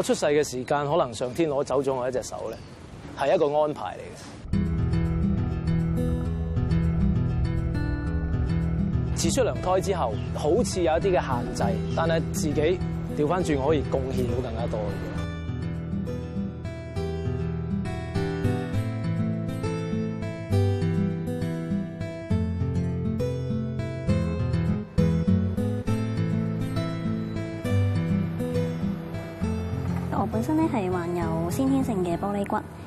我出世嘅時間，可能上天攞走咗我一隻手咧，係一個安排嚟嘅。自出娘胎之後，好似有一啲嘅限制，但係自己調翻轉可以貢獻到更加多嘅嘢。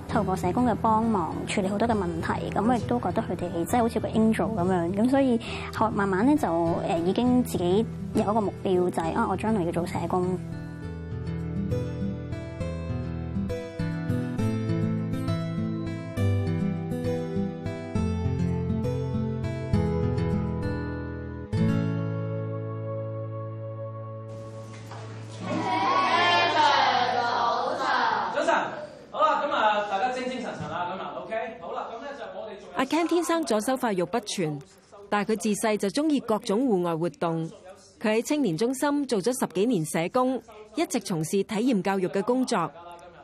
透過社工嘅幫忙，處理好多嘅問題，咁 我亦都覺得佢哋即係好似個 angel 咁樣，咁所以後慢慢咧就誒已經自己有一個目標，就係、是、啊我將來要做社工。Ken 天生左手發育不全，但係佢自細就鍾意各種戶外活動。佢喺青年中心做咗十幾年社工，一直從事體驗教育嘅工作，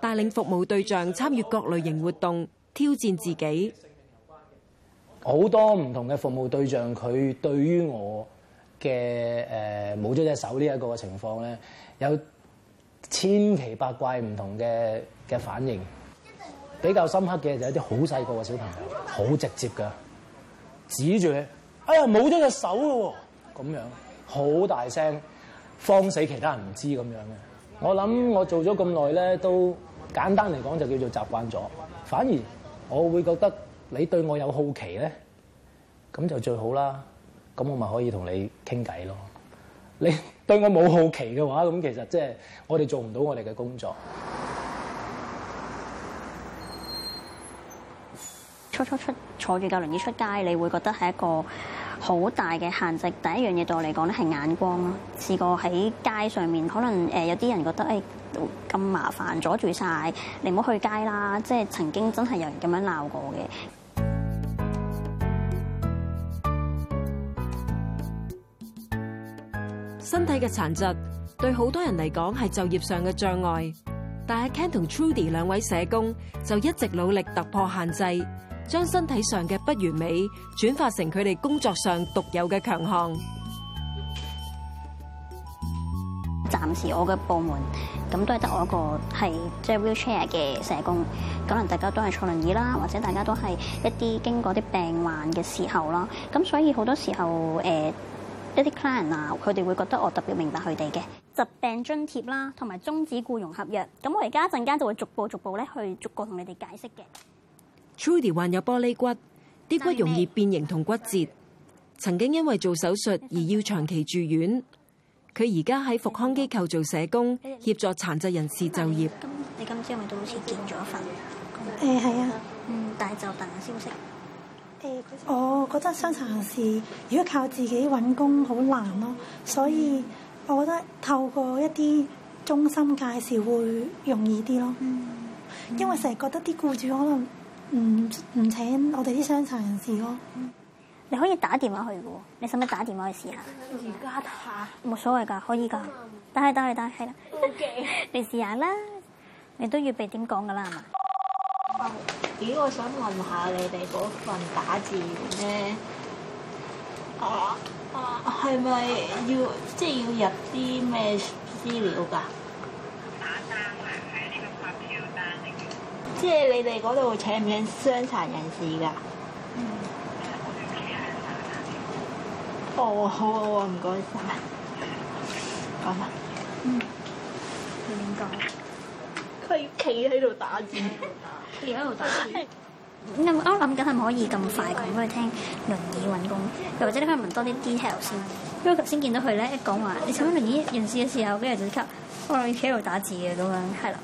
帶領服務對象參與各類型活動，挑戰自己。好多唔同嘅服務對象，佢對於我嘅誒冇咗隻手呢一個嘅情況咧，有千奇百怪唔同嘅嘅反應。比較深刻嘅就係一啲好細個嘅小朋友，好直接嘅，指住佢，哎呀冇咗隻手咯，咁樣，好大聲，慌死其他人唔知咁樣嘅。我諗我做咗咁耐咧，都簡單嚟講就叫做習慣咗。反而我會覺得你對我有好奇咧，咁就最好啦。咁我咪可以同你傾偈咯。你對我冇好奇嘅話，咁其實即係我哋做唔到我哋嘅工作。初初出，初出坐住架輪椅出街，你會覺得係一個好大嘅限制。第一樣嘢對我嚟講咧，係眼光咯。試過喺街上面，可能誒有啲人覺得誒咁、哎、麻煩，阻住晒，你唔好去街啦。即係曾經真係有人咁樣鬧過嘅。身體嘅殘疾對好多人嚟講係就業上嘅障礙，但係 Ken 同 Truedy 兩位社工就一直努力突破限制。將身體上嘅不完美轉化成佢哋工作上獨有嘅強項。暫時我嘅部門咁都係得我一個係即係 wheelchair 嘅社工，可能大家都係坐輪椅啦，或者大家都係一啲經過啲病患嘅時候啦。咁所以好多時候誒一啲 client 啊，佢哋會覺得我特別明白佢哋嘅疾病津貼啦，同埋終止僱傭合約。咁我而家一陣間就會逐步逐步咧去逐個同你哋解釋嘅。Trudy 患有玻璃骨，啲骨容易變形同骨折。曾經因為做手術而要長期住院。佢而家喺復康機構做社工，協助殘疾人士就業。今你今朝咪都好似見咗份？誒係啊，嗯、啊，嗯，但係就等消息。誒，我覺得傷殘人士如果靠自己揾工好難咯，所以我覺得透過一啲中心介紹會容易啲咯。嗯，嗯，因為成日覺得啲僱主可能。唔唔請我哋啲傷殘人士咯，你可以打電話去噶喎，你使唔使打電話去試下？而家下，冇所謂㗎，可以㗎、嗯，打去打去打，係啦。O Okay . K， 你試下啦，你都預備點講㗎啦，係嘛？咦、呃，我想問下你哋嗰份打字員咧、啊，啊啊，係咪要即係、就是、要入啲咩資料㗎？即係你哋嗰度請唔請傷殘人士㗎？哦，好啊，唔該晒。講乜？嗯，佢點講？佢企喺度打字，企喺度打字。咁我啱諗緊係唔可以咁快講俾佢聽，輪椅揾工，又或者你可以問多啲 detail 先，因為頭先見到佢咧一講話啲傷殘人士嘅時候，跟住就級好容易企喺度打字嘅咁樣，係啦。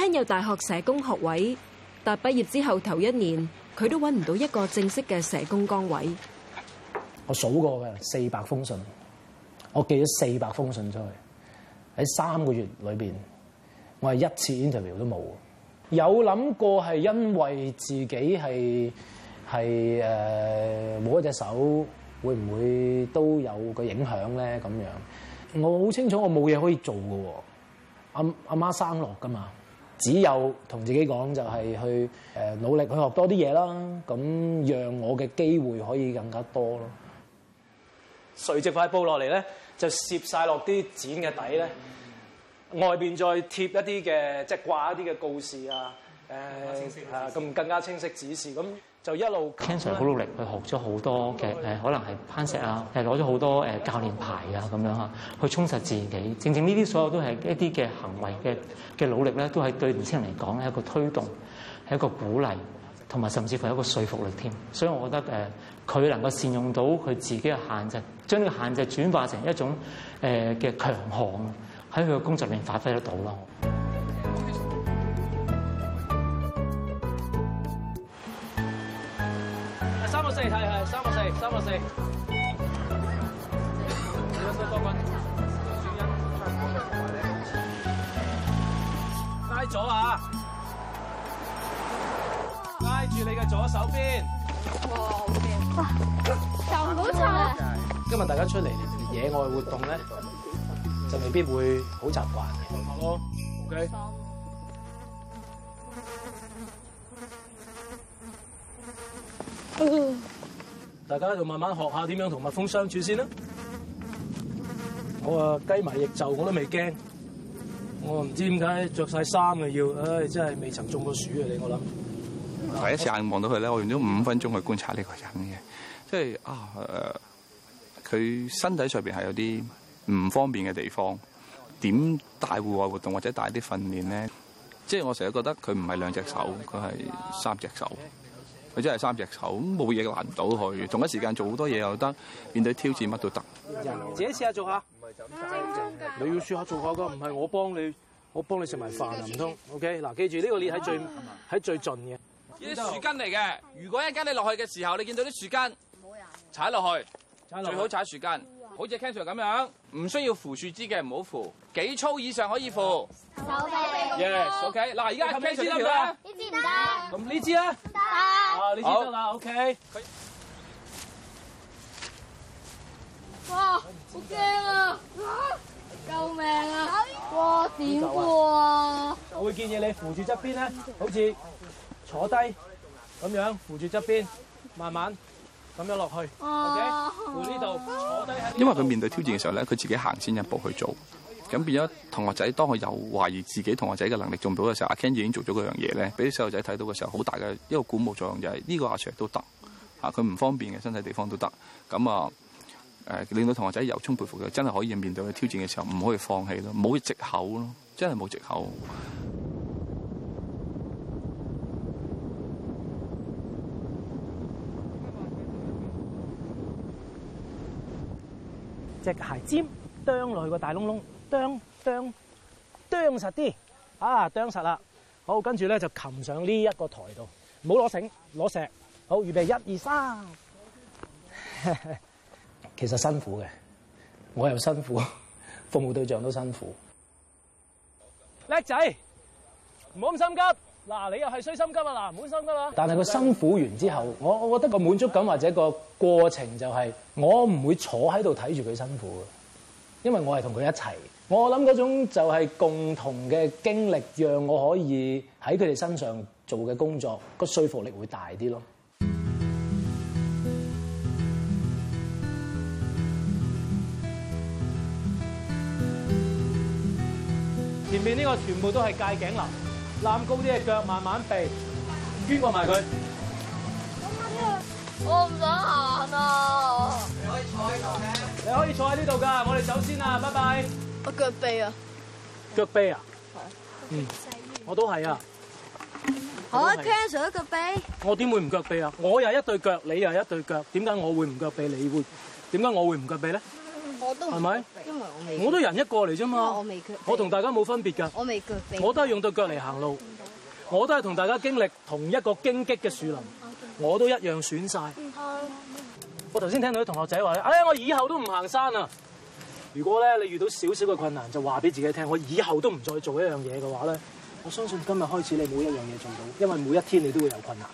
聽有大學社工學位，但畢業之後頭一年佢都揾唔到一個正式嘅社工崗位。我數過嘅四百封信，我寄咗四百封信出去喺三個月裏邊，我係一次 interview 都冇。有諗過係因為自己係係誒冇一隻手，會唔會都有個影響咧？咁樣我好清楚，我冇嘢可以做嘅。阿阿媽生落噶嘛？只有同自己講就係去誒努力去學多啲嘢啦，咁讓我嘅機會可以更加多咯。垂直塊布落嚟咧，就攝晒落啲剪嘅底咧，嗯嗯嗯、外邊再貼一啲嘅，即係掛一啲嘅告示啊，誒啊咁更加清晰指示咁。呃就一路，Ken sir 好努力去學咗好多嘅，誒可能係攀石啊，係攞咗好多誒教練牌啊咁樣吓，去充實自己。正正呢啲所有都係一啲嘅行為嘅嘅努力咧，都係對年輕人嚟講係一個推動，係一個鼓勵，同埋甚至乎係一個說服力添。所以我覺得誒佢能夠善用到佢自己嘅限制，將呢個限制轉化成一種誒嘅、呃、強項，喺佢嘅工作裏面發揮得到咯。三十四，你要收倒棍。主因太光了，拉咗啊！拉住你嘅左手邊。哇！救命啊！受唔到咗啦。今日大家出嚟野外活動咧，就未必會好習慣。同學咯，O K。大家喺度慢慢學下點樣同蜜蜂相處先啦。我、哦、啊，雞埋翼就我都未驚。我唔知點解着晒衫啊要，唉、哎，真係未曾中過暑啊！你我諗第一時間望到佢咧，我用咗五分鐘去觀察呢個人嘅，即係啊，佢、呃、身體上邊係有啲唔方便嘅地方。點帶戶外活動或者帶啲訓練咧？即係我成日覺得佢唔係兩隻手，佢係三隻手。佢真係三隻手，咁冇嘢難到佢。同一時間做好多嘢又得，面對挑戰乜都得。自己試下、嗯、下做下。唔係就正正你要試下做下㗎，唔係我幫你，我幫你食埋飯唔通？OK，嗱，記住呢、呢個裂係最係、嗯、最盡嘅。啲樹根嚟嘅，如果一揀你落去嘅時候，你見到啲樹根，踩落去最好踩樹根。嗯好似 cancer 咁樣，唔需要扶樹枝嘅唔好扶，幾粗以上可以扶。Yes，OK 手臂。嗱 yes, okay. 手臂，而家係 cancer 啦。呢支唔得。咁呢支咧？得。啊，你知得啦，OK。哇！好驚啊！救命啊！命啊！哇！點㗎啊？我會建議你扶住側邊咧，好似坐低咁樣扶住側邊，慢慢。咁樣落去，OK？扶呢度坐低。因為佢面對挑戰嘅時候咧，佢自己行先一步去做，咁變咗同學仔當佢又懷疑自己同學仔嘅能力做唔到嘅時候，阿 Ken 已經做咗嗰樣嘢咧，俾啲細路仔睇到嘅時候，好大嘅一個鼓舞作用就係呢個阿 Sir 都得嚇，佢唔方便嘅身體地方都得咁啊。誒，令到同學仔由衷佩服佢真係可以面對佢挑戰嘅時候唔可以放棄咯，冇藉口咯，真係冇藉口。隻鞋尖掕落去個大窿窿，掕掕掕實啲，啊掕實啦，好，跟住咧就擒上呢一個台度，唔好攞繩，攞石，好，預備一二三，1, 2, 其實辛苦嘅，我又辛苦，服務對象都辛苦，叻仔，唔好咁心急。嗱，你又係衰心急啊！嗱，唔好心急啦。但係佢辛苦完之後，我我覺得個滿足感或者個過程就係、是、我唔會坐喺度睇住佢辛苦嘅，因為我係同佢一齊。我諗嗰種就係共同嘅經歷，讓我可以喺佢哋身上做嘅工作個說服力會大啲咯。前面呢個全部都係戒頸瘤。攬高啲嘅腳慢慢避，捲過埋佢。我唔想行啊！你可以坐喺度，你可以坐喺呢度㗎。我哋走先啦，拜拜。我腳痺啊！腳痺啊！嗯，我都係啊。我 cancel 腳痺。我點會唔腳痺啊？我又一對腳，你又一對腳，點解我會唔腳痺？你會點解我會唔腳痺咧？係咪？我都吧人一個嚟啫嘛，我同大家冇分別噶，我都係用對腳嚟行路，我都係同大家經歷同一個荊棘嘅樹林，嗯嗯嗯、我都一樣損晒。嗯嗯、我頭先聽到啲同學仔話，哎呀，我以後都唔行山啊！如果咧你遇到少少嘅困難，就話俾自己聽，我以後都唔再做一樣嘢嘅話咧，我相信今日開始你冇一樣嘢做到，因為每一天你都會有困難。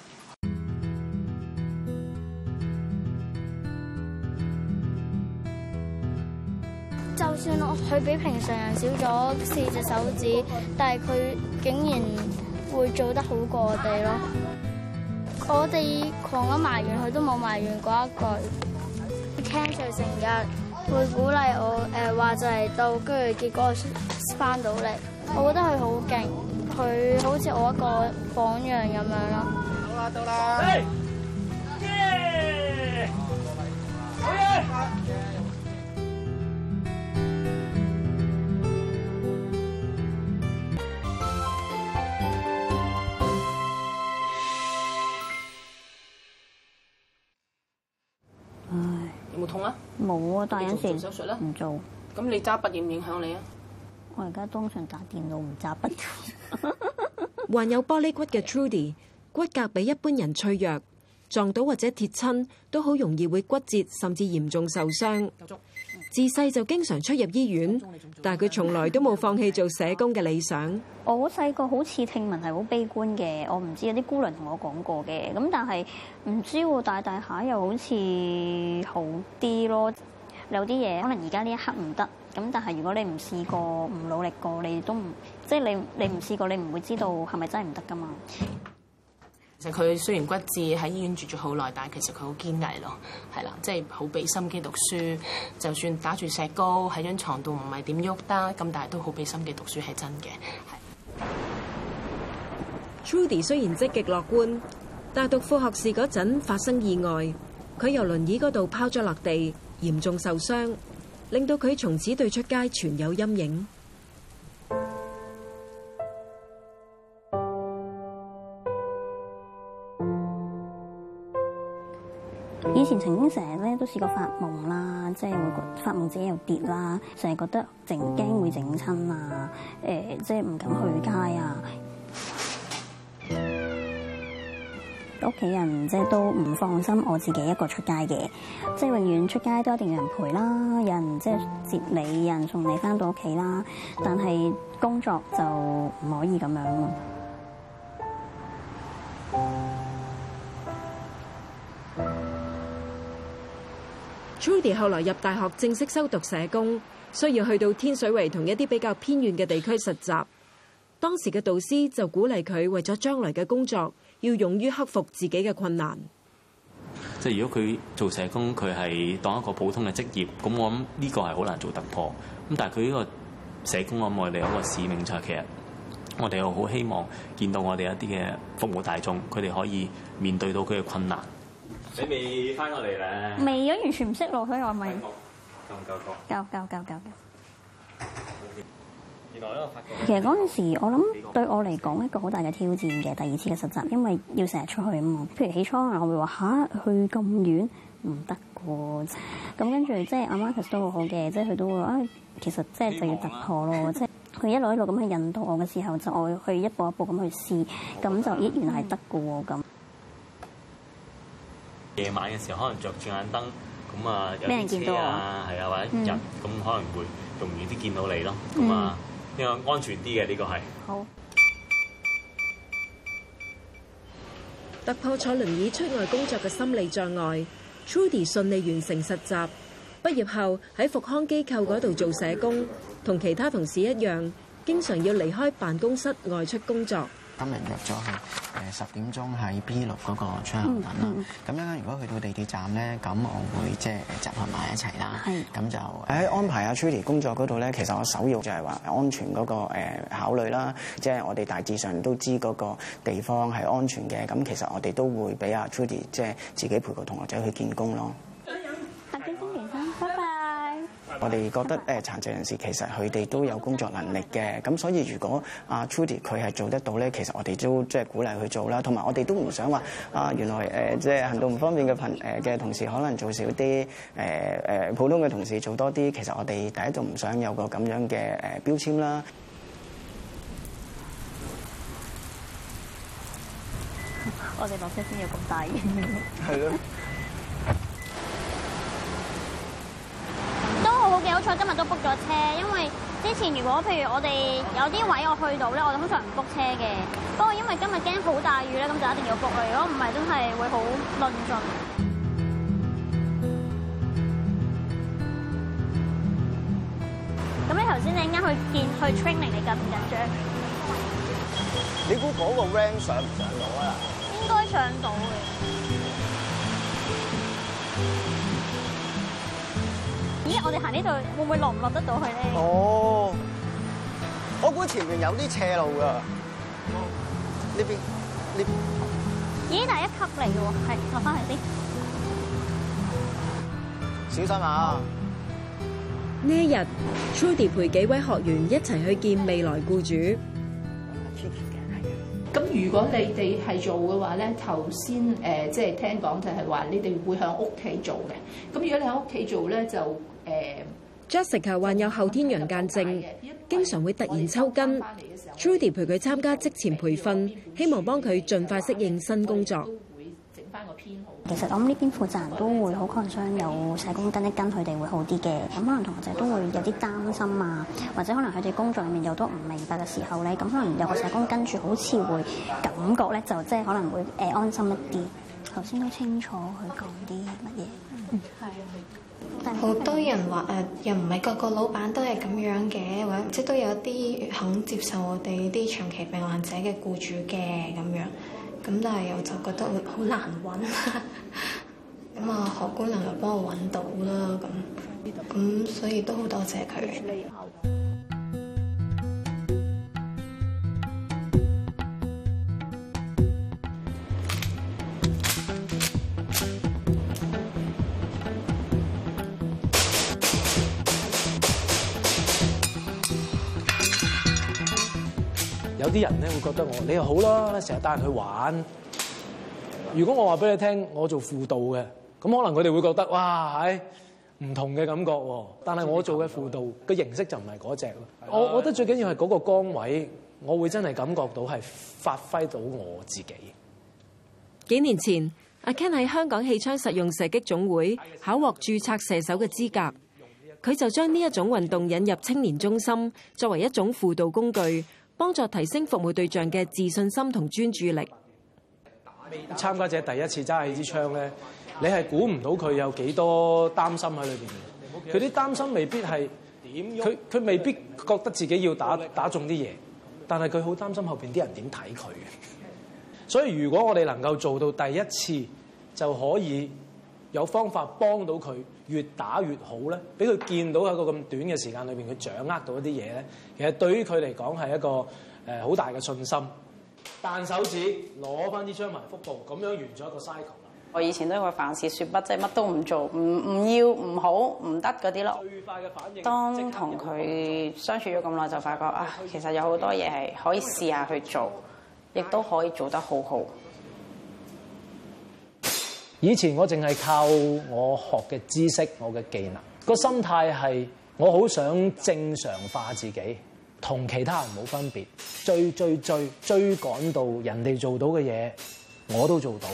算佢比平常人少咗四隻手指，但係佢竟然會做得好過我哋咯。啊、我哋狂咁埋怨，佢都冇埋怨過一句。Cancer 成日會鼓勵我，誒、呃、話就係到，跟住結果翻到嚟。我覺得佢好勁，佢好似我一個榜樣咁樣咯。好啦，到啦。冇啊，大人事唔做。咁你揸筆影唔影響你啊？我而家通常打電腦，唔揸筆。患有玻璃骨嘅 Truedy，骨骼比一般人脆弱，撞到或者跌親都好容易會骨折，甚至嚴重受傷。自細就經常出入醫院，但係佢從來都冇放棄做社工嘅理想。我細個好似聽聞係好悲觀嘅，我唔知有啲姑娘同我講過嘅。咁但係唔知，大大下又好似好啲咯。有啲嘢可能而家呢一刻唔得，咁但係如果你唔試過，唔努力過，你都唔即係你你唔試過，你唔會知道係咪真係唔得噶嘛。佢雖然骨折喺醫院住咗好耐，但係其實佢好堅毅咯，係啦，即係好俾心機讀書，就算打住石膏喺張床度唔係點喐得咁，但係都好俾心機讀書係真嘅。Trudy 雖然積極樂觀，但係讀副學士嗰陣發生意外，佢由輪椅嗰度拋咗落地，嚴重受傷，令到佢從此對出街存有陰影。成日咧都試過發夢啦，即係會發夢自己又跌啦，成日覺得勁驚會整親啊，誒、呃，即係唔敢去街啊。屋企 人即係都唔放心我自己一個出街嘅，即係永遠出街都一定要有人陪啦，有人即係接你，有人送你翻到屋企啦。但係工作就唔可以咁樣。Truedy 後來入大學正式修讀社工，需要去到天水圍同一啲比較偏遠嘅地區實習。當時嘅導師就鼓勵佢為咗將來嘅工作，要勇於克服自己嘅困難。即係如果佢做社工，佢係當一個普通嘅職業，咁我諗呢個係好難做突破。咁但係佢呢個社工咁，我哋有一個使命就係，其實我哋又好希望見到我哋一啲嘅服務大眾，佢哋可以面對到佢嘅困難。你未翻過嚟咧？未啊，完全唔識路，所以我咪夠唔夠覺？夠夠夠夠原來一路發覺。其實嗰陣時，我諗對我嚟講一個好大嘅挑戰嘅第二次嘅實習，因為要成日出去啊嘛。譬如起初啊，我會話吓去咁遠唔得噶喎。咁跟住即係阿 Marcus 都好好嘅，即係佢都會啊。其實即係就要突破咯，望啊、 即係佢一路一路咁去引導我嘅時候，就我去一步一步咁去試，咁覺就原來係得噶喎咁。嗯。夜晚嘅時候可能着住眼燈，咁啊有人見到啊，係啊或者人，咁、嗯、可能會容易啲見到你咯，咁啊呢個安全啲嘅呢個係。好。突破坐輪椅出外工作嘅心理障礙，Truedy 順利完成實習，畢業後喺復康機構嗰度做社工，同其他同事一樣，經常要離開辦公室外出工作。今日約咗去誒十點鐘喺 B 六嗰個出口等啦。咁樣、嗯、如果去到地鐵站咧，咁我會即係集合埋一齊啦。咁係就喺安排阿 Trudy 工作嗰度咧，其實我首要就係話安全嗰個考慮啦。即係我哋大致上都知嗰個地方係安全嘅。咁其實我哋都會俾阿 Trudy 即係自己陪個同學仔去見工咯。 我哋覺得誒殘疾人士其實佢哋都有工作能力嘅，咁所以如果阿 Trudy 佢係做得到咧，其實我哋都即係鼓勵佢做啦。同埋我哋都唔想話啊，原來誒即係行動唔方便嘅朋誒嘅同事可能做少啲，誒誒普通嘅同事做多啲。其實我哋第一仲唔想有個咁樣嘅誒標籤啦。我哋落車先有咁大嘅。係咯。今日都 book 咗車，因為之前如果譬如我哋有啲位我去到咧，我哋通常唔 book 車嘅。不過因為今日驚好大雨咧，咁就一定要 book 啦。如果唔係，真係會好論盡。咁你頭先你啱去見去 training，你緊唔緊張？你估嗰個 range 上唔上，上到啊？應該上到嘅。我哋行呢度會唔會落唔落得到去咧？哦，oh. 我估前面有啲斜路噶，呢邊呢。咦，第一級嚟嘅喎，係落翻嚟先，小心啊！呢一日，Trudy 陪幾位學員一齊去見未來雇主。咁如果你哋係做嘅話咧，頭先誒即係聽講就係話你哋會喺屋企做嘅，咁如果你喺屋企做咧就。Jessica 患有後天陽間症，經常會突然抽筋。Trudy 陪佢參加職前培訓，希望幫佢盡快適應新工作。其實我諗呢邊負責人都會好 concern 有社工跟一跟佢哋會好啲嘅，咁可能同學仔都會有啲擔心啊，或者可能佢哋工作裡面有多唔明白嘅時候咧，咁可能有個社工跟住好似會感覺咧就即係可能會誒安心一啲。頭先都清楚佢講啲乜嘢。嗯，係 啊。好多人話誒，又唔係個個老闆都係咁樣嘅，或者即都有啲肯接受我哋啲長期病患者嘅僱主嘅咁樣，咁但係我就覺得好難揾，咁啊何姑娘就幫我揾到啦咁，咁所以都好多謝佢。啲人咧會覺得我你又好啦，成日帶人去玩。如果我話俾你聽，我做輔導嘅，咁可能佢哋會覺得哇，唉，唔同嘅感覺喎。但係我做嘅輔導嘅形式就唔係嗰隻咯。我覺得最緊要係嗰個崗位，我會真係感覺到係發揮到我自己。幾年前，阿 Ken 喺香港氣槍實用射擊總會考獲註冊射手嘅資格，佢就將呢一種運動引入青年中心，作為一種輔導工具。幫助提升服務對象嘅自信心同專注力。參加者第一次揸起支槍咧，你係估唔到佢有幾多擔心喺裏邊嘅。佢啲擔心未必係點樣，佢佢未必覺得自己要打打中啲嘢，但係佢好擔心後邊啲人點睇佢嘅。所以如果我哋能夠做到第一次，就可以有方法幫到佢。越打越好咧，俾佢見到一個咁短嘅時間裏邊，佢掌握到一啲嘢咧。其實對於佢嚟講係一個誒好大嘅信心。彈手指攞翻啲將文腹部，咁樣完咗一個 cycle 啦。我以前都係個凡事説不，即係乜都唔做，唔唔要唔好唔得嗰啲咯，最快嘅反應。當同佢相處咗咁耐，就發覺啊，其實有好多嘢係可以試下去做，亦都可以做得好好。以前我淨係靠我學嘅知識、我嘅技能，個心態係我好想正常化自己，同其他人冇分別，追追追追趕到人哋做到嘅嘢，我都做到，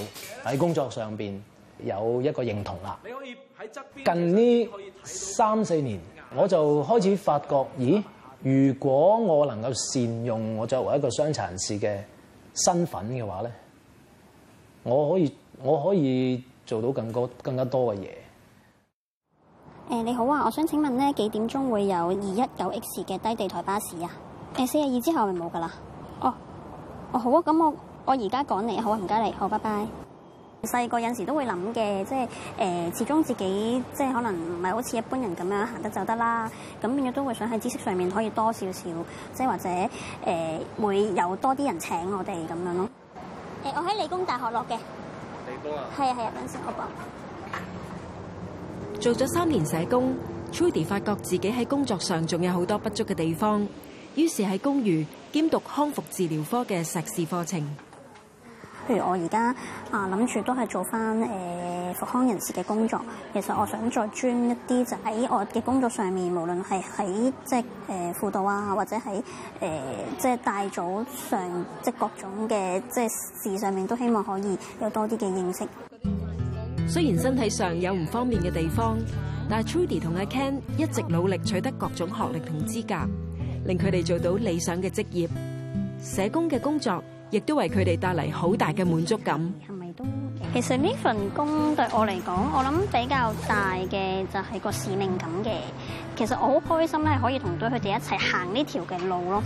喺工作上邊有一個認同啦。你可以喺側邊，近呢三四年，我就開始發覺，咦？如果我能夠善用我作為一個傷殘人士嘅身份嘅話咧，我可以。我可以做到更多、更加多嘅嘢。誒、欸、你好啊，我想請問咧，幾點鐘會有二一九 X 嘅低地台巴士啊？誒四廿二之後咪冇噶啦？哦，哦好啊，咁、嗯嗯、我我而家趕嚟啊，好唔該你，好、啊、拜拜。細個有時都會諗嘅，即係誒、呃、始終自己即係可能唔係好似一般人咁樣走就走就行得就得啦，咁變咗都會想喺知識上面可以多少少，即係或者誒、呃、會有多啲人請我哋咁樣咯。誒、呃、我喺理工大學落嘅。係啊係啊，等先我幫。做咗三年社工，Trudy 發覺自己喺工作上仲有好多不足嘅地方，於是喺公寓兼讀康復治療科嘅碩士課程。譬如我而家啊，諗住都係做翻誒復康人士嘅工作。其實我想再專一啲，就喺、是、我嘅工作上面，無論係喺即係誒輔導啊，或者喺誒、呃、即係大組上，即係各種嘅即係事上面，都希望可以有多啲嘅認識。雖然身體上有唔方便嘅地方，但係 Trudy 同阿 Ken 一直努力取得各種學歷同資格，令佢哋做到理想嘅職業社工嘅工作。亦都為佢哋帶嚟好大嘅滿足感。係咪都？其實呢份工對我嚟講，我諗比較大嘅就係個使命感嘅。其實我好開心咧，可以同到佢哋一齊行呢條嘅路咯。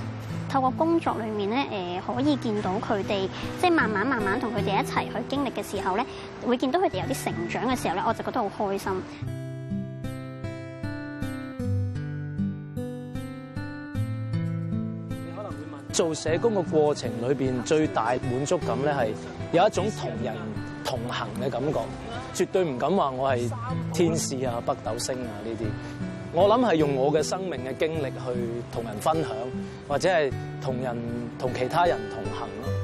透過工作裏面咧，誒可以見到佢哋，即係慢慢慢慢同佢哋一齊去經歷嘅時候咧，會見到佢哋有啲成長嘅時候咧，我就覺得好開心。做社工嘅過程裏邊，最大滿足感咧係有一種同人同行嘅感覺，絕對唔敢話我係天使啊、北斗星啊呢啲。我諗係用我嘅生命嘅經歷去同人分享，或者係同人同其他人同行咯。